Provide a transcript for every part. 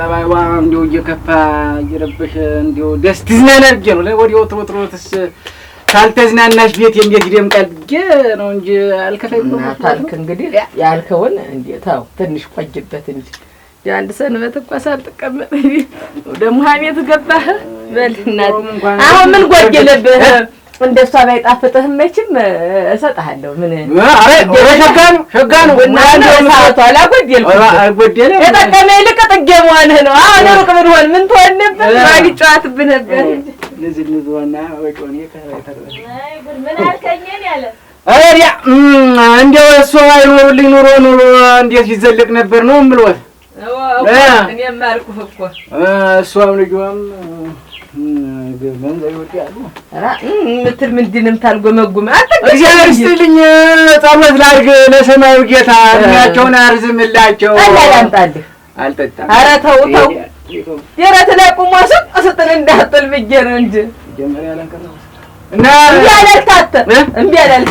ጠባይዋ እንዲያው እየከፋ እየረበሸ እንዲያው ደስ ትዝናና ብዬ ነው። ወዲያው ትሮ ካልተዝናናሽ ቤት እንዴት ይደምቃል ብዬ ነው እንጂ አልከፋኝ እንግዲህ ያልከውን እንዴት ትንሽ ቆይበት እንጂ የአንድ ሰንበት እኮ ሳልጥቀመጥ ደግሞ ሀሜት ገባህ። በል እናት አሁን ምን ጎደለብህ? እንደሷ ባይጣፍጥህም መቼም እሰጥሃለሁ። ምን የጠቀመ ይልቅ ጥጌ መሆንህ ነው። አሁን ሩቅ ብንሆን ምን ትሆን ነበር? ማን ይጨዋትብህ እንደው እሱ አይኖርልኝ ኑሮ ኑሮ እንዴት ይዘለቅ ነበር ነው የምልዎት። እኔም አልኩህ እኮ እሷም ልጇም የምትል ምንድን ነው የምታልጎመጉመ? እግዚአብሔር ይስጥልኝ። ጸሎት ላድርግ ለሰማዩ ጌታ፣ እድሜያቸውን አርዝምላቸው። አላምጣልህ አልጠጣም። ኧረ ተው ተው፣ ደረት ላይ ቁሞ ስጥ ስጥል እንዳጥል ብዬ ነው እንጂ እምቢ አላልካትም። እምቢ አላልክ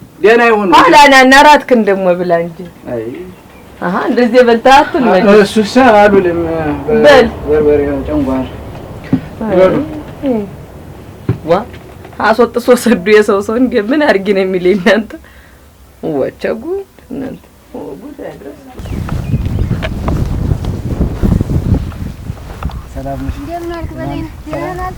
ደህና ይሁን። ኋላ ና እና እራት ደግሞ ብላ እንጂ አሀ እንደዚህ በልተህ አትመጭ። እሱሳ አሉልም በል በርበሬውን ጨንጓር በሉ ዋ አስወጥሶ ሰዱ የሰው ሰው እንደ ምን አድርጊ ነው የሚለኝ እናንተ ወቸጉ እናንተ ወጉት ያድረስ። ሰላም ነሽ? እንደምን አልክ በለኝ። ደህና ናት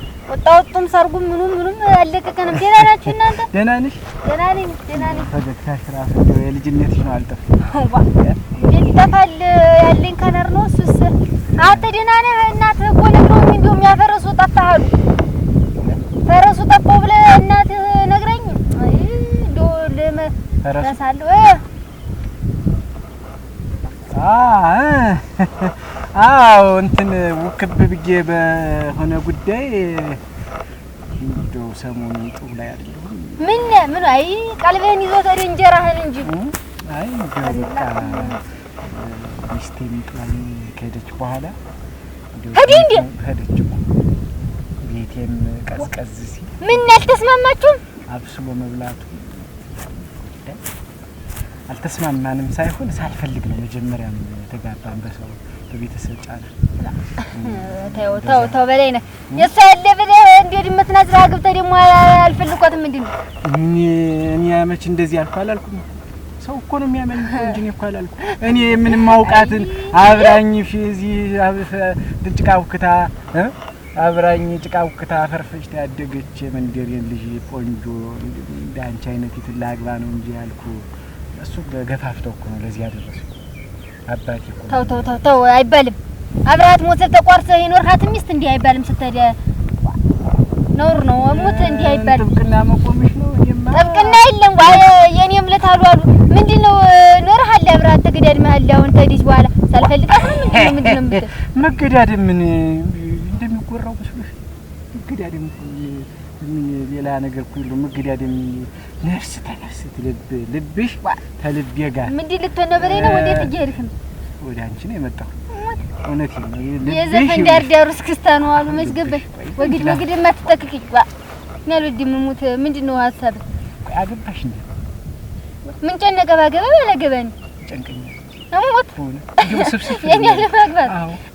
ወጣ ሰርጉ ምኑም ምኑም አልለቀቀንም። ደህና ናችሁ እናንተ? ደህና ነሽ? ደህና ነኝ፣ ደህና ነኝ። ፈገግታሽ እራሱ እንደው የልጅነትሽ ነው አልጠፋም። ይጠፋል? ያለኝ ከነር ነው። እሱስ አንተ ደህና ነህ? እናትህ እኮ ነግረውኝ እንደውም ያ ፈረሱ ጠፋህ አሉ። ፈረሱ ጠፋው ብለህ እናትህ ነግረኝ እንደው አዎ እንትን ውክብ ብዬ በሆነ ጉዳይ እንደው ሰሞኑን ጥሩ ላይ አይደለሁም። ምን ምን? አይ ቀልብህን ይዞ ተደ እንጀራህን እንጂ አይ እንደው በቃ ሚስቴ ሚጥላኝ ከሄደች በኋላ ሄዲ እንዲ ሄደች ቤቴም ቀዝቀዝ ሲል ምን አልተስማማችሁም? አብስሎ መብላቱ አልተስማማንም ሳይሆን ሳልፈልግ ነው መጀመሪያም የተጋባን በሰው በቤተሰብ ጫና ተው ተው ተው በላይ ነህ። የእሷ ያለ ብለህ እንደ ድመት ናዝራ አግብተህ ደግሞ አልፈልቆትም። ምንድን ነው እኔ መች እንደዚህ አልኩ አላልኩም። ሰው እኮ ነው የሚያመኝ እንጂ እኔ እኮ አላልኩም። እኔ ምንም አውቃትን አብራኝ እዚህ ጭቃ ውክታ አብራኝ ጭቃ ውክታ ፈርፍጭታ ያደገች የመንደሬን ልጅ ቆንጆ እንደ አንቺ አይነት የትላ ነው እንጂ ያልኩ እሱ ገፋፍተው እኮ ነው ለዚህ ያደረሱ አባቴ ተው ተው ተው ተው አይባልም። አብረሀት ሞት ተቋርሰህ የኖርሀት ሚስት እንዲህ አይባልም። ስትሄድ ነውር ነው ሞት እንዲህ አይባልም። ጥብቅና የለም የኔም ዕለት አሉ ምንድን ነው ኖርሀል አብረሀት ተገዳድመሀል። አሁን ተዲህ በኋላ ሳልፈልጋት ነው ምንድን ነው የምትለው መገዳደም ምን እንደሚጎራው መስሎሽ መገዳደም ምን ሌላ ነገር እኮ የለውም። መገዳደም ነፍስ ተነፍስ ትልብ ልብሽ ተልቤ ጋር ምንድን ልትሆን ነው በላይ ነው። ወዴት እየሄድክ ነው? ወደ አንቺ ነው የመጣሁ። እውነት ነው። የዘፈን ዳር እስክስታ ነው አሉ መች ገባኝ። ወግድ ወግድ የማትጠክቅ እኔ አልወድም። እሙት ምንድን ነው ሀሳብ አገባሽ እንደ ምን ጨነቀ? ባገባ ባላገባኝ ጨንቀኝ እሙት የእኔ አለማግባት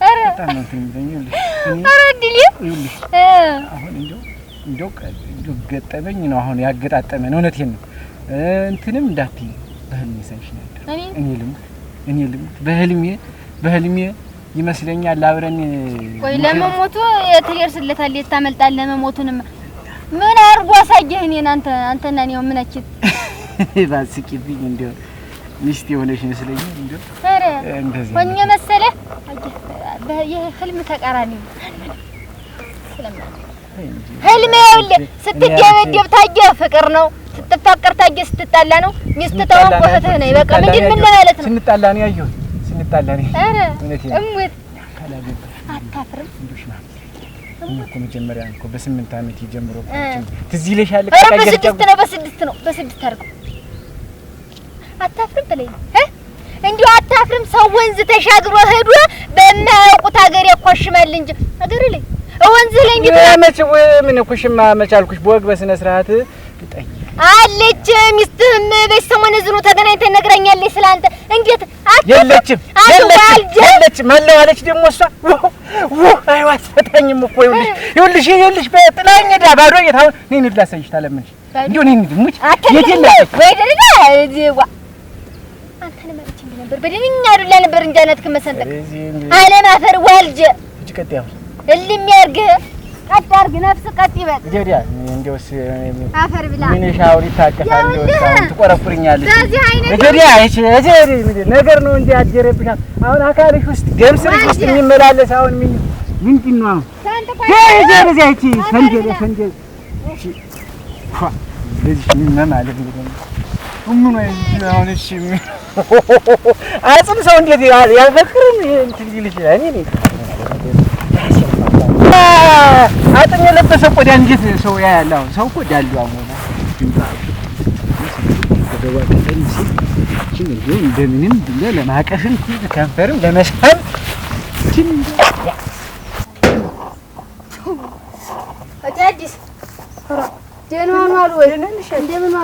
ኧረ ኧረ እድል አሁን እንደው እንደው ገጠመኝ ነው አሁን ያገጣጠመን። እውነቴን ነው። እንትንም እንዳትዪ በህልሜ ሳይሽ ነው እኔ ልሙት እኔ ልሙት በህልሜ በህልሜ ይመስለኛል አብረን ወይ ለመሞቱ ትደርስለታል የታመልጣል ለመሞቱንም ምን አድርጎ አሳየህ? እኔን አንተ አንተና እኔው ምናችን ባስቂብኝ እንዲያው ሚስት የሆነች ይመስለኛል። እንዲያው ኧረ ሆኜ መሰለህ የህልም ተቃራኒ ስለማ ህልሜ ይኸውልህ፣ ስትደበደብ ታየ ፍቅር ነው፣ ስትፋቀር ታየ ስትጣላ ነው። ሚስት ተወንኮ እህትህ ነኝ። በቃ ምንድን ምን ለማለት ነው? ስንጣላ ነው ያየሁት፣ ስንጣላ ነው። ኧረ እሙት አታፍርም? እኮ መጀመሪያ እኮ በስምንት ዓመት ጀምሮ ትዝ ይለሻል። በስድስት ነው በስድስት ነው በስድስት አድርገው አታፍርም ብለኝ እንዲሁ አታፍርም? ሰው ወንዝ ተሻግሮ ሄዶ በማያውቁት ሀገር ያኳሽማል እንጂ ሀገር ላይ ወንዝ ላይ እንግዲህ መቼ ወይ ምን ኩሽማ መቻልኩሽ በወግ በስነ ስርዓት አለች። ሚስትህም በዚህ ሰሞን እዝኑ ተገናኝተን ነግራኛለች ስለአንተ። እንዴት የለችም የለችም አለዋለች። ደግሞ እሷ አይዋ አስፈታኝም እኮ ይኸውልሽ፣ ይኸውልሽ፣ ይኸውልሽ በጥላኝ ዳ ባዶ የታውን እኔ እንሂድ ላሳይሽ ታለምንሽ እንዲሁ እኔ እንሂድ ሙች የት ወይ ደረጃ እዚህዋ አንተን ማለት እንዲህ ነበር በደንኛ አይደል ነበር እንጂ አይናትክን መሰንጠቅ አለማፈር ዋልጀ እጅ ቀጥ ያሁን እልም ያድርግህ። ቀጥ አድርግ፣ ነፍስ ቀጥ ይበል። ገዲያ እንደውስ አፈር ብላ ምን ሻውሪ ታቀፋለህ? ትቆረቁርኛለሽ። ገዲያ ነገር ነው እንጂ አጀረብሽ። አሁን አካልሽ ውስጥ ደም ስርሽ ውስጥ የሚመላለስ አሁን ምን ምንድን ነው? አሁን አጽም ሰው እንዴት ያልፈክርም እንትን ይልሽ እኔ አጥም የለበሰ ቆዳ እንዴት ሰው ያያል? አሁን ሰው ቆዳ አለው አሞና እንደምንም ብለህ ለማቀፍም ከንፈርም ለመሳብ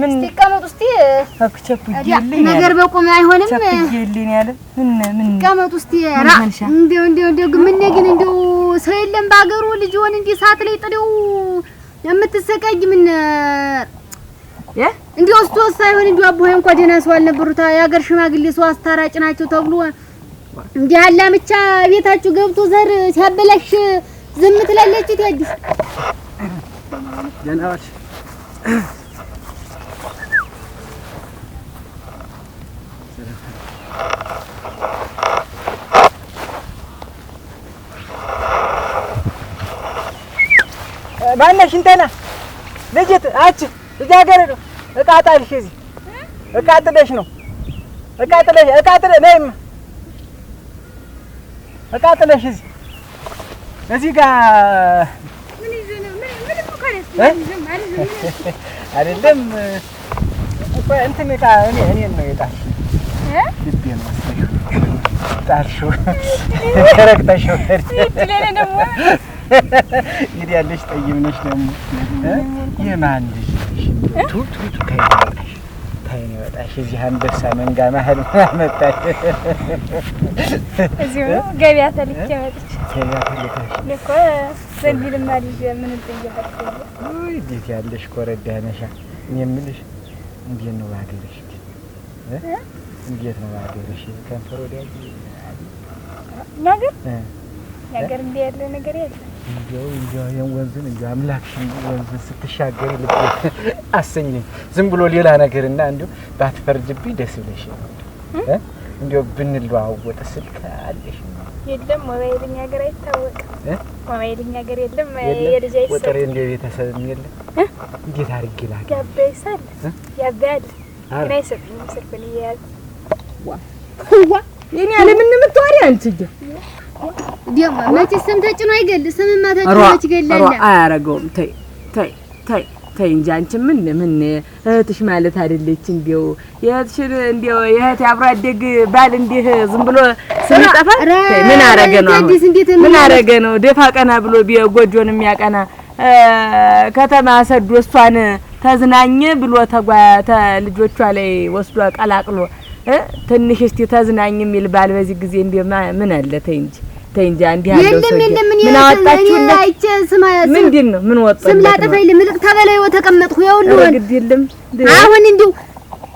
ምን ይቀመጡ እስቲ ነገር በቁም አይሆንም። ቸኩዬልኝ ያለ ምን ምን ይቀመጡ እስቲ ራ እንደው እንደው እንደው ግን ምን ግን እንደው ሰው የለም በአገሩ ልጅ ሆን እንዲህ ሰዓት ላይ ጥሪው የምትሰቃይ ምን እ እንደው እስቶ ሳይሆን እንደው አቦ እንኳ ደህና ሰው አልነበሩት። የአገር ሽማግሌ ሰው አስታራጭ ናቸው ተብሎ እንዲህ አላምቻ ቤታችሁ ገብቶ ዘር ሲያበላሽ ዝም ትላለች። ትያዲስ ደህና ዋልሽ ማነሽ እንተና ልጅት አች ልጃገረድ እቃ ጣልሽ እዚህ እቃ ጥለሽ ነው እቃ ጥለሽ እቃ ጥለሽ ነይም እቃ ጥለሽ እዚህ እዚህ ጋር አይደለም እንትን እቃ እኔ እኔን ነው የጣልሽ ልቤን መሰለሽ ጣልሽው ተረግጠሽው ይሄ ያለሽ ጠይም ነሽ። ደግሞ የማን ልጅ ነሽ? ቱቱቱ ከይወጣሽ ወጣሽ። እዚህ አንበሳ መንጋ መሀል አመጣሽ። እዚሁ ገበያ ተልኬ መጥቼ ገበያ ተልኬሽ እኮ ዘንድልማ ልጅ ምን ልጠየቅ? እንዴት ያለሽ ኮረዳ ነሻ። እኔ የምልሽ እንዴት ነው ባገርሽ? እንዴት ነው ባገርሽ? ከንፈር ወዲያ ነገር ነገር እንዲህ ያለ ነገር የለም እንዲያው እንዲያው ይሄን ወንዝን እንዲያው አምላክሽን ወንዝን ስትሻገሪ ልብ አሰኝ ዝም ብሎ ሌላ ነገርና እና ባትፈርጅብኝ ደስ ብለሽ እ እንዲያው ብንለዋወጥ ስልክ አለሽ? የለም ሞባይልኛ ሀገር አይታወቅም እ ሞባይልኛ ሀገር የለም። የልጅ አይሰ ቁጥር እንዲያው ቤተሰብም የለም። እንዴት አድርጌ ላክ ያባ ይሳል ያባ ያለ ግን አይሰጥኝም ስልኩን እየያዘ ዋ ዋ የኔ አለምን የምታወሪ አንቺዬ ደግሞ መቼ ስም ተጭኖ አይገል ስምማ ተጭኖ ይገላል። አያረገውም። ተይ ተይ ተይ ተይ እንጂ አንቺ ምን ምን እህትሽ ማለት አይደለች። እንዲያው የእህትሽን እንዲያው የእህት አብሮ አደግ ባል እንዲህ ዝም ብሎ ስም ምን አረገ ነው? ምን አረገ ነው? ደፋ ቀና ብሎ ጎጆን የሚያቀና ከተማ ሰዶ እሷን ተዝናኝ ብሎ ልጆቿ ላይ ወስዶ ቀላቅሎ ትንሽ እስቲ ተዝናኝ የሚል ባል በዚህ ጊዜ እንዲህ ምን አለ? ተይ እንጂ ተይ እንጂ አንድ ያለው ምን አወጣችሁ? አይቼ ነው ምን ወጣ ስም ላጠፋ ይልም ልቅ ተበላይው ተቀመጥኩ የሁሉ ወን አሁን እንዲሁ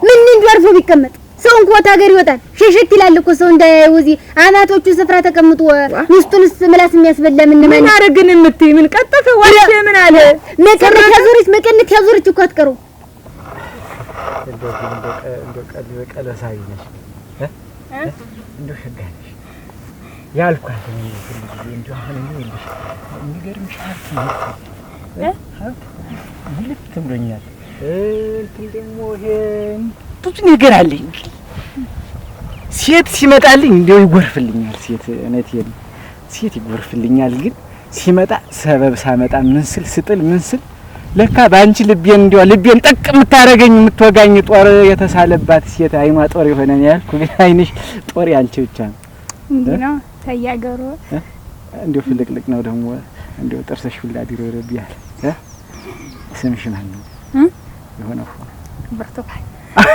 ምን እንዲሁ አርፎ ቢቀመጥ ሰው እንኳ ታገር ይወጣል ሸሸት ይላል እኮ ሰው እንዳያየው እዚህ አናቶቹ ስፍራ ተቀምጦ ሚስቱንስ ምላስ የሚያስበላ ምን ምን አረግን የምትይ ምን ቀጠፈ ወርደ ምን አለ መቀነት ያዞረች መቀነት ያዞረች እኮ አትቀሩ እንደው እንደው ቀል ቀለሳይ ነሽ እንደው ሸጋ ያልኳት እንዲሁ አሁን ይኸውልሽ የሚገርምሽ ሀብት ነው ሀብት ይልቅ ትምሎኛል። እንትን ደግሞ ይሄን ብዙ ነገር አለኝ። ሴት ሲመጣልኝ እንዲያው ይጎርፍልኛል። ሴት እውነቴን ሴት ይጎርፍልኛል። ግን ሲመጣ ሰበብ ሳመጣ ምን ስል ስጥል ምን ስል ለካ በአንቺ ልቤን እንዲያው ልቤን ጠቅ የምታረገኝ የምትወጋኝ ጦር የተሳለባት ሴት አይኗ ጦር የሆነ ያልኩ፣ ግን አይንሽ ጦር ያንቺ ብቻ ነው። ተያገሩ እንዲሁ ፍልቅልቅ ነው ደግሞ እንዲሁ ጥርሰሽ ሁላ ቢሮ ይረብያል። ስምሽ ማን ነው? የሆነ ብርቱካን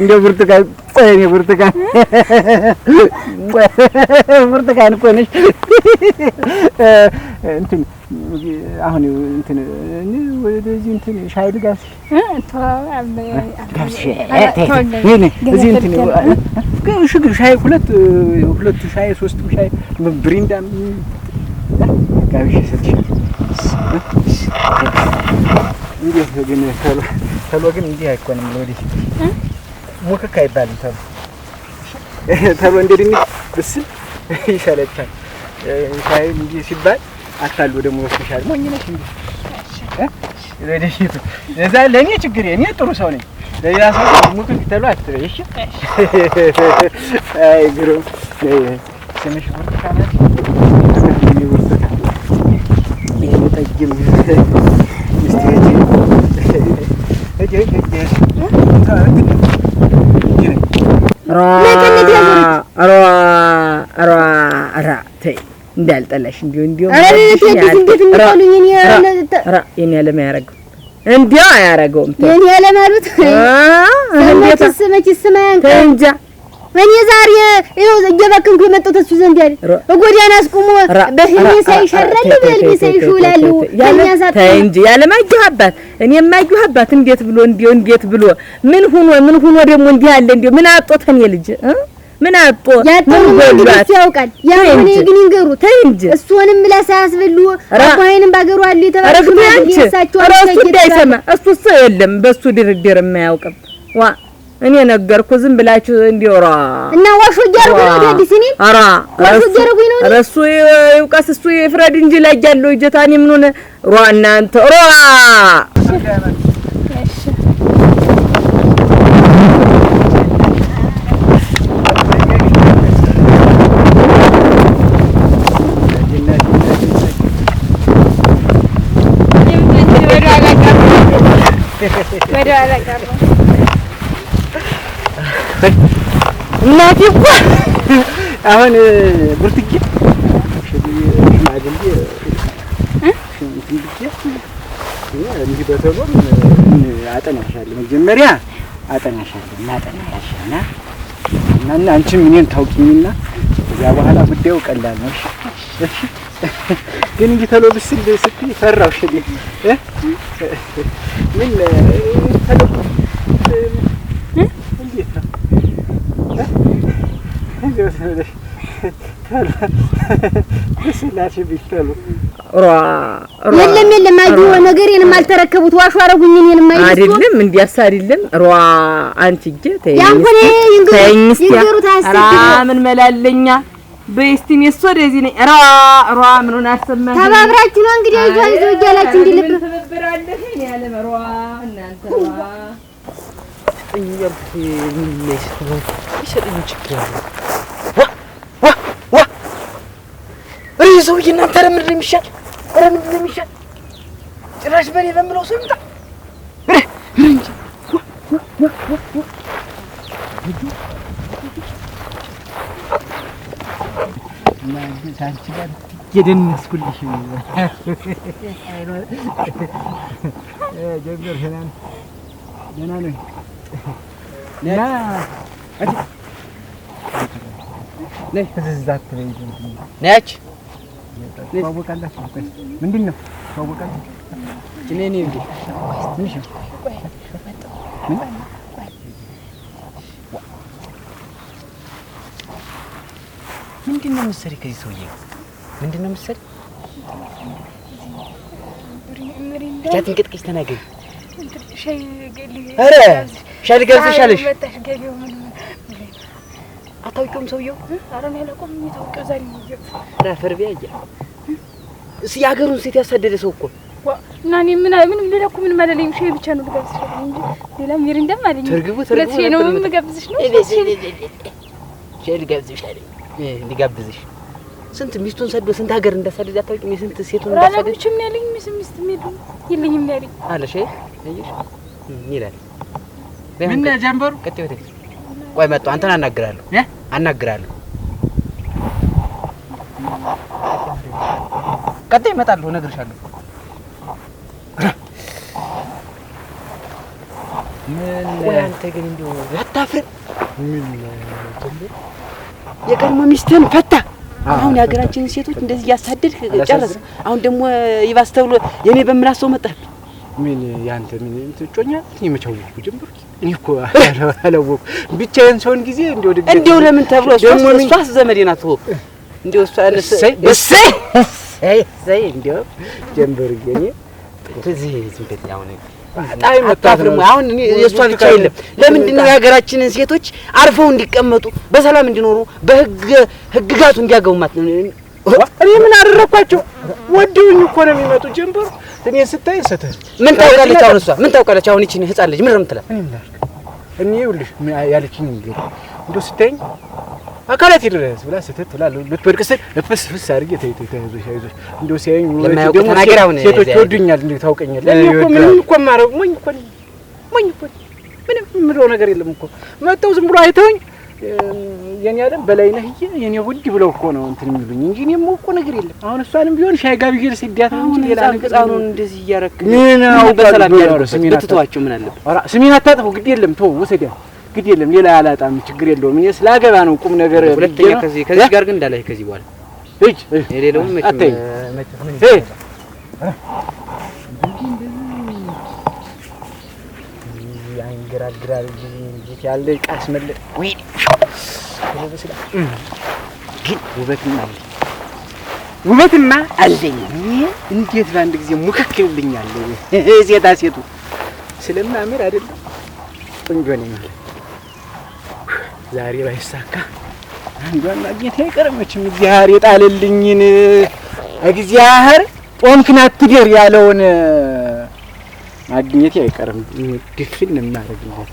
እንደ ብርቱካን ቆይ፣ ብርቱካን ብርቱካን እኮ ነሽ እንትን አሁን እንትን ወደዚህ እንትን ሻይ ልጋስ እዚህ እንትን ሻይ ሁለት ሁለቱ ሻይ ሶስትም ሻይ ብሪንዳም ጋብሽ እንዴት ግን ተሎ ግን እንዲህ አይኮንም። ሙክክ አይባልም። ተሎ ተሎ እንደ ብስል ሻይ እንዲህ ሲባል አታሉ ደግሞ ወስሻል። ሞኝ ነሽ እንዴ? እዛ ለኔ ችግር እኔ ጥሩ ሰው ነኝ። ለሌላ ሰው ሙክ ተሉ አትበይ። እሺ። አይ ግሩ ስምሽ ብርቱካን ነው። ጠጅም ራ ራ ተይ እንዳልጠላሽ እንዲሁ እንዲሁ የኔ ዓለም አያረገው እንዲያው አያረገውም። የኔ አሉት እንጃ እኔ ዛሬ ይኸው እየባከንኩ የመጣሁት እሱ ዘንድ ያለ በጎዳና አስቁሞ በህልሜ ሳይሸረል በህልሜ ሳይሹላሉ ተይ እንጂ ያለ አባት እኔ የማየህ አባት እንዴት ብሎ እንዲሁ እንዴት ብሎ ምን ሁኖ ምን ሆኖ ደግሞ እንዲህ አለ እንዲሁ ምን አጦተን የልጅ ምን አቦ ምን ጎሏት ያውቃል። ያው እኔ ግን ይንገሩት እንጂ እሱንም ምላስ አባይንም ባገሩ አሉ የተባሉ እሳቸው ራሱ እንዳይሰማ እሱስ የለም በሱ ድርድር የማያውቅም ዋ እኔ ነገርኩ። ዝም ብላችሁ እንዲው እና ዋሾ ጀርጉ ነው ታዲስ እኔ አራ ዋሾ ጀርጉ ነው እሱ ይውቀስ እሱ ይፍረድ እንጂ ላይ ያለው ምን ሆነ ሯ እናንተ ሯ እናቴ እኮ አሁን ብርትጌ ሽማግሌ እንዲህ በተጎን አጠናሻለሁ። መጀመሪያ አጠናሻለሁ እና አጠናሻና እና አንቺም እኔን ታውቂኝና እዚያ በኋላ ጉዳዩ ቀላል ነው። ግን እንዲህ ተሎ ብስል ስትይ ፈራው ምን የለም የለም፣ አጂዋ ነገሬንም አልተረከቡት ዋሹ አረጉኝ። እኔንም አይደለም እንዲያስ አይደለም ሯ አንቺዬ ተይኝ ምን መላለኛ በይ እስኪ ወደዚህ ነኝ። ሯ ሯ ምኑን አልሰማህም? ተባብራችሁ ነው እንግዲህ አይዞህ አይዞህ እያላችሁ እንዲህ ልብ እናንተ ርዕሶ የእናንተ ረምድ የሚሻል ረምድ የሚሻል ጭራሽ በኔ በምለው ሰምታ አንቺ ጋር የደነስኩልሽ ጀምበር ህናን ደህና ነህ? ያ ነይ እዛ አትበይ ነይ አንቺ ተዋወቃላችሁ? ምንድን ነው ተዋወቃላችሁ? እኔ እኔ ምንድን ነው የምትሰሪ? ከዚህ ሰውዬ ምንድን ነው የምትሰሪ? ብቻ ትንቀጥቅሽ ተናገሪ። ኧረ ሻይ ልገብዝሻለሽ አታውቂውም? ሰውየው አረም ያለቆም የታወቂው ዛሬ ነው። ረፈር ቢያያ እስ የሀገሩን ሴት ያሳደደ ሰው እኮ እና እኔ ምን ምንም ሌላ እኮ ምንም አላለኝም። ሻይ ብቻ ነው ልጋብዝሽ እንጂ ሌላ ሚሪንዳም አለኝ። ትርግቡ ትርግቡ ሁለት ሻይ ነው የምጋብዝሽ ነው። ሻይ ልጋብዝሽ አለኝ ልጋብዝሽ ስንት ሚስቱን ሰዶ ስንት ሀገር እንዳሳደደ አታውቂም? የስንት ሴቱን እንዳሳደደ አላውቅም ያለኝ ሚስ ሚስት ሚሄዱ የለኝም ያለኝ አለ ሻይ ይላል ምን ጀንበሩ ቀጥ ወደ ቆይ መጣሁ። አንተን አናግራለሁ አናግራለሁ። ቀጣይ እመጣለሁ፣ እነግርሻለሁ። ምን አንተ ግን እንደው አታፍርም? የቀድሞ ሚስትህን ፈታ። አሁን የሀገራችንን ሴቶች እንደዚህ እያሳደድክ ጨረስክ። አሁን ደግሞ ይባስ ተብሎ የኔ በምናሰው መጣህ። ምን ያንተ ምን እንትጮኛ ምን ይመቸው ጀምርኩ እኮ አላወኩም። ብቻዬን ሰውን ጊዜ እንደው ድግግም እንደው ለምን ተብሎ እሷስ ዘመዴ ናት እኮ እንደው እሷ እሰይ እሰይ እሰይ እንደው ጀንበርዬ እኔ እዚህ ዝም ብለህ በጣም መጣት ነው። አሁን እኔ የእሷ ብቻ የለም። ለምንድን ነው የሀገራችንን ሴቶች አርፈው እንዲቀመጡ በሰላም እንዲኖሩ በህግ ህግጋቱ እንዲያገቡ ነው እኔ ምን አደረኳቸው? ወደውኝ እኮ ነው የሚመጡ። ጀምበሩ እኔን ስታይ ሰተህ ምን ታውቃለች? አሁን እሷ ምን ታውቃለች? አሁን ይቺን ህፃን ልጅ ምን ነው የምትላት? እኔ ይኸውልሽ ያለችኝ እንደው ስታይኝ አካላት ይደረስ ብላ ስተት ብላ ልትወድቅ ስል ልፍስፍስ አድርጌ ተይ ተይ ተያይዞሽ አይዞሽ እንደው ሲያዩኝ ሴቶች ይወዱኛል እንዴ ታውቀኛል። እኔ እኮ ምንም እኮ የማደርገው ሞኝ እኮ ሞኝ እኮ ምንም የምለው ነገር የለም እኮ መተው ዝም ብሎ አይተውኝ የኔ አለም በላይነህ የኔ ውድ ብለው እኮ ነው እንትን የሚሉኝ እንጂ እኔ እኮ ነገር የለም። አሁን እሷንም ቢሆን ሻይ ጋር ብዬሽ ስዲያት አሁን ሌላ ነገር ህፃኑን እንደዚህ እያረክ በሰላም ያደርስ ብትተዋቸው ምን አለበት? ስሚን አታጥፉ። ግድ የለም ተው ወሰዲያ ግድ የለም ሌላ አላጣም። ችግር የለውም። እኔ ስላገባ ነው ቁም ነገር ሁለተኛ ከዚህ ከዚህ ጋር ግን እንዳላይ ከዚህ በኋላ እጅ የሌለውም አታይ ያንገራግራል ቤት ያለ እቃ አስመለጥ ወይ ለበስላ ግን ውበትማ አለኝ ውበትማ አለኝ። እንዴት በአንድ ጊዜ ሙከክልብኛል። ሴታ ሴቱ ስለማምር አይደለም ቆንጆ ነኝ ማለት ዛሬ ባይሳካ አንዷን ማግኘት አይቀርመችም። እግዚአብሔር የጣለልኝን እግዚአብሔር ጦምክን አትደር ያለውን ማግኘት አይቀርም። ድፍን እናደርግለት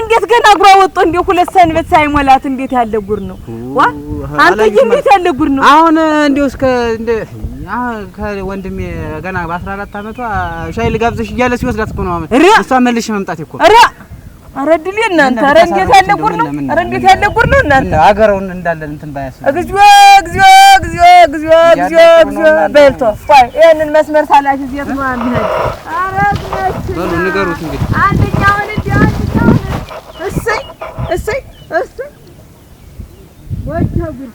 እንዴት ገና እግሯ ወጦ እንዴት ሁለት ሰንበት ሳይሞላት እንዴት ያለ ጉር ነው! ዋ አንተ እንዴት ያለ ጉር ነው! አሁን እንደው እስከ እንደ ወንድሜ ገና በ14 አመቷ ሻይ ልጋብዘሽ እያለ ሲወስዳት እኮ ነው። አመት እሷ መልሽ መምጣት እኮ ኧረ አረድልኝ እናንተ! ኧረ እንዴት ያለ ጉር ነው! ኧረ እንዴት ያለ ጉር ነው! እናንተ አገረውን እንዳለን እንትን ባያስ እግዚኦ፣ እግዚኦ፣ እግዚኦ፣ እግዚኦ፣ እግዚኦ፣ እግዚኦ በልቶ ቆይ፣ ይሄንን መስመር ታላሽ እዚህ የት ነው አንድ ነጭ። ኧረ ንገሩት እንግዲህ Esse, esse. Vai, Thiago.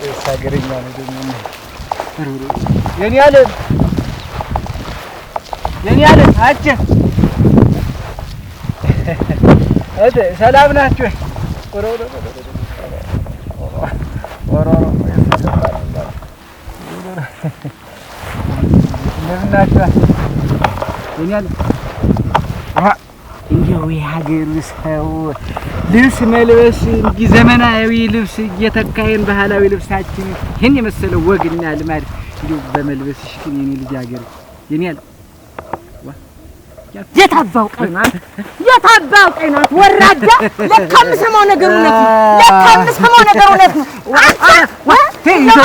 Ee, Sagrignan, ito yun. Pero, የኔ አለም የኔ አለም አጭ እት ሰላም ናችሁ? እንደምን ናችኋል? ሰው ልብስ መልበስ እንጂ ዘመናዊ ልብስ እየተካሄን ባህላዊ ልብሳችን ይህን የመሰለው ወግና ልማድ እንዲሁ በመልበስሽ ግን የኔ ልጅ ሀገር የኔ ያለ የታባው ቀይ ናት፣ የታባው ቀይ ናት። ወራዳ ለካ የምሰማው ነገር እውነት ነው። ለካ የምሰማው ነገር እውነት ነው። አንተ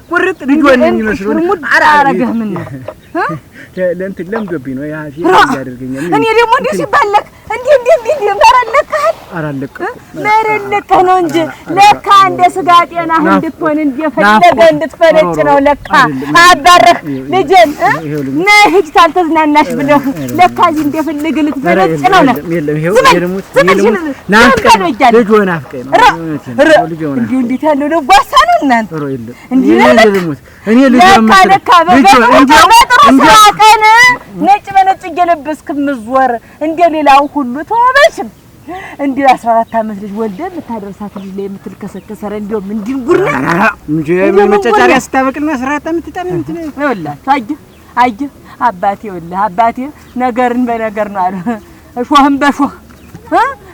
ቁርጥ ልጅ ወን የሚመስለው ምን ነው ለእንትን ለምዶብኝ ነው ያዚ ያደርገኛል። እኔ ደግሞ እንዲህ ሲባለክ እንዲህ እንዲህ እንዲህ እንዲህ መረለከህ አራለከህ መረለከህ ነው እንጂ ለካ እንደ ስጋ ጤናህ እንድትሆን እንደፈለገ እንድትፈረጭ ነው ለካ አባረህ ልጄን ነይ ሂጅ ታልተዝናናሽ ብለህ ለካ እዚህ እንደፈለገ ልትፈረጭ ነው ነው የለም ይሄው የደሙ የደሙ ናፍቀህ ልጅ ወናፍቀህ ነው እንዲሁ እንዴት ያለው ነው ጓሳ ነው እናንተ እንዲህ ልሙት እኔ ልጅ ለካ በጥሩ ቀን ነጭ በነጭ እየለበስክ ምዞር እንደ ሌላው ሁሉ ተወበሽም እንደ አስራ ዓመት ልጅ ወልደን ልታደርሳት ልጅ ላይ የምትልከሰከሰ እንዲሁም እንዲህ ጉድ ነው መጨጫሪያ ስታበቅልና አስራ አራት ዓመት ጣም እንትን ይኸውላችሁ አባቴ ይኸውልህ አባቴ ነገርን በነገር ነው አሉ እሾህም በሾህ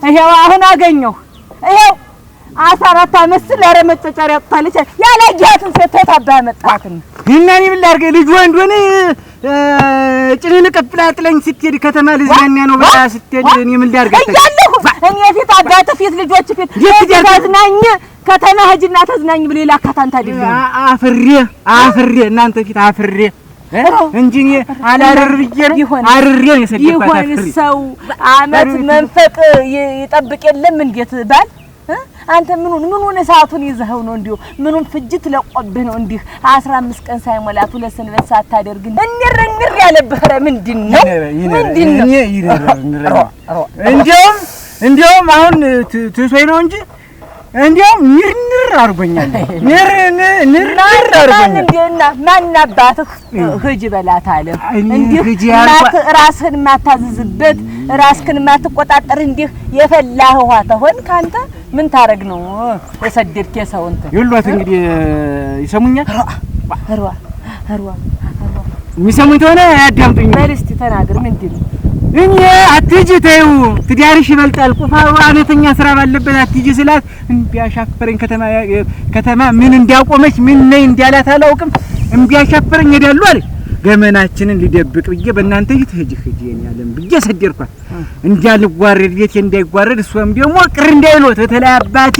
ይኸው አሁን አገኘሁ ይኸው አስራ አራት ዓመት ስል ኧረ መጨጨሪያ እና እኔ ልጅ ወንድ ሆነ ጥለኝ ስትሄድ ከተማ ነው ብላ ስትሄድ እኔ ምን ላድርግ? እያለሁ እኔ ፊት አባት ፊት ልጆች ፊት ተዝናኝ ከተማ ተዝናኝ ብሎ አንተ አፍሬ አፍሬ እናንተ ፊት አፍሬ እንጂ እኔ አላረር ብዬ ነው አርሬ ነው ይሆን ሰው አመት መንፈቅ ይጠብቅ የለም እንዴት ባል አንተ ምኑን ምኑን ሰዓቱን ይዘኸው ነው? እንዲሁ ምኑን ፍጅት ለቆብህ ነው? እንዲህ አስራ አምስት ቀን ሳይሞላት ሁለት ሰንበት ሳታደርግ እንድር እንድር ያለብህ ኧረ ምንድን ነው? ምንድን ነው? እንዲያውም እንዲያውም አሁን ነው እንጂ እንዲያውም ንርንር አድርጎኛል። ንርንር አድርጎኛል። እንዲና ማን አባትህ ህጅ በላት አለ። እንዲህ ራስህን የማታዝዝበት ራስህን የማትቆጣጠር እንዲህ የፈላህ ውሃ ተሆን ካንተ ምን ታረግ ነው የሰደድክ የሰው እንትን ይሏት እንግዲህ ይሰሙኛል። የሚሰሙኝ ተሆነ አያዳምጡኝ። በል እስኪ ተናግር፣ ምንድን ነው እኔ አትሂጂ ተይው፣ ትዳርሽ ይበልጣል፣ ቁፋ አነተኛ ስራ ባለበት አትሂጂ ስላት እምቢ ከተማ ከተማ ምን እንዳቆመች ምን ነይ እንዳላት አላውቅም። እምቢ ሄዳሉ አለኝ ገመናችንን ሊደብቅ ብዬ በእናንተ ፊት ሂጂ ሂጂ የኔ ዓለም ብዬ ሰደርኳት እንዳልጓረድ ቤቴ እንዳይጓረድ እሷም ደግሞ ቅር እንዳይሎት በተለይ አባቴ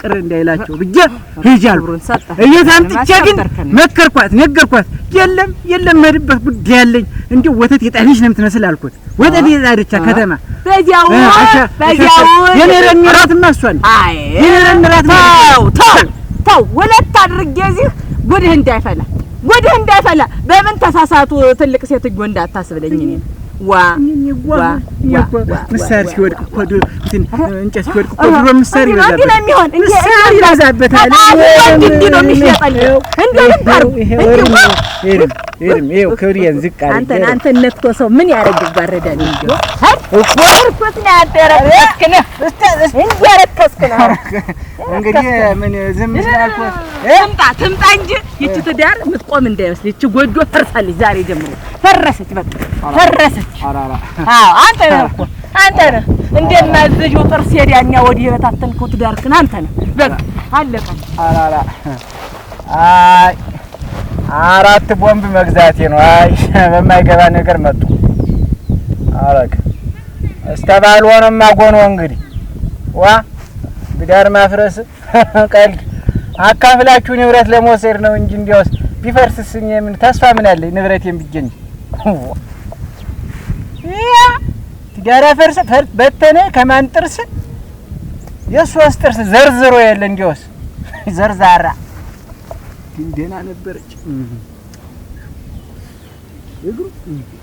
ቅር እንዳይላቸው ብዬ ሂጂ አልኩት። እየታምጥቼ ግን መከርኳት፣ ነገርኳት። የለም የለም መድበት ጉዳይ ያለኝ እንዲሁ ወተት የጣለች ነው የምትመስል አልኩት። ወተት የጣለች ከተማ በዚያው በዚያው የኔረን እራትማ እሷን አይ የኔረን እራት ተው ተው ተው ወለት አድርጌ እዚህ ጉድህ እንዳይፈላ ጉድህ እንዳፈላ በምን ተሳሳቱ? ትልቅ ሴትዮ እንዳታስብለኝ እኔ ምሳር ሲወድቅ እኮ እንጨት ሲወድቅ እኮ ድሮ ምሳር ይበዛበታል። ይኸው ክብሬን ዝቅ ነክቶ ሰው ምን ያደርግ ይባረዳል እንግዲህ ምን ዝም ስላልኩህ ትምጣ ትምጣ እንጂ ይቺ ትዳር የምትቆም ይቺ ጎጆ ፈርሳለች። ዛሬ ጀምሮ ፈረሰች፣ በቃ ፈረሰች። አንተ ነህ እኮ አንተ ነህ እንደማዝዡ ጥርስ ሄዳኛ ወዲህ የበታተንከው ትዳርክን አንተ ነህ። በቃ አለቀ። አይ አራት ቦምብ መግዛቴ ነው። አይ በማይገባ ነገር መጡ። አለቀ። እስተባል ሆነማ ጎኖ እንግዲህ ዋ ግዳር ማፍረስ ቀልድ አካፍላችሁ ንብረት ለመውሰድ ነው እንጂ እንዲያውስ ቢፈርስስ ምን ተስፋ ምን አለኝ ንብረት የሚገኝ ትጋራ ፈርስ በተነ ከማን ጥርስ የሷስ ጥርስ ዘርዝሮ የለ እንዲወስ ዘርዛራ ግን ደህና ነበረች እግሩ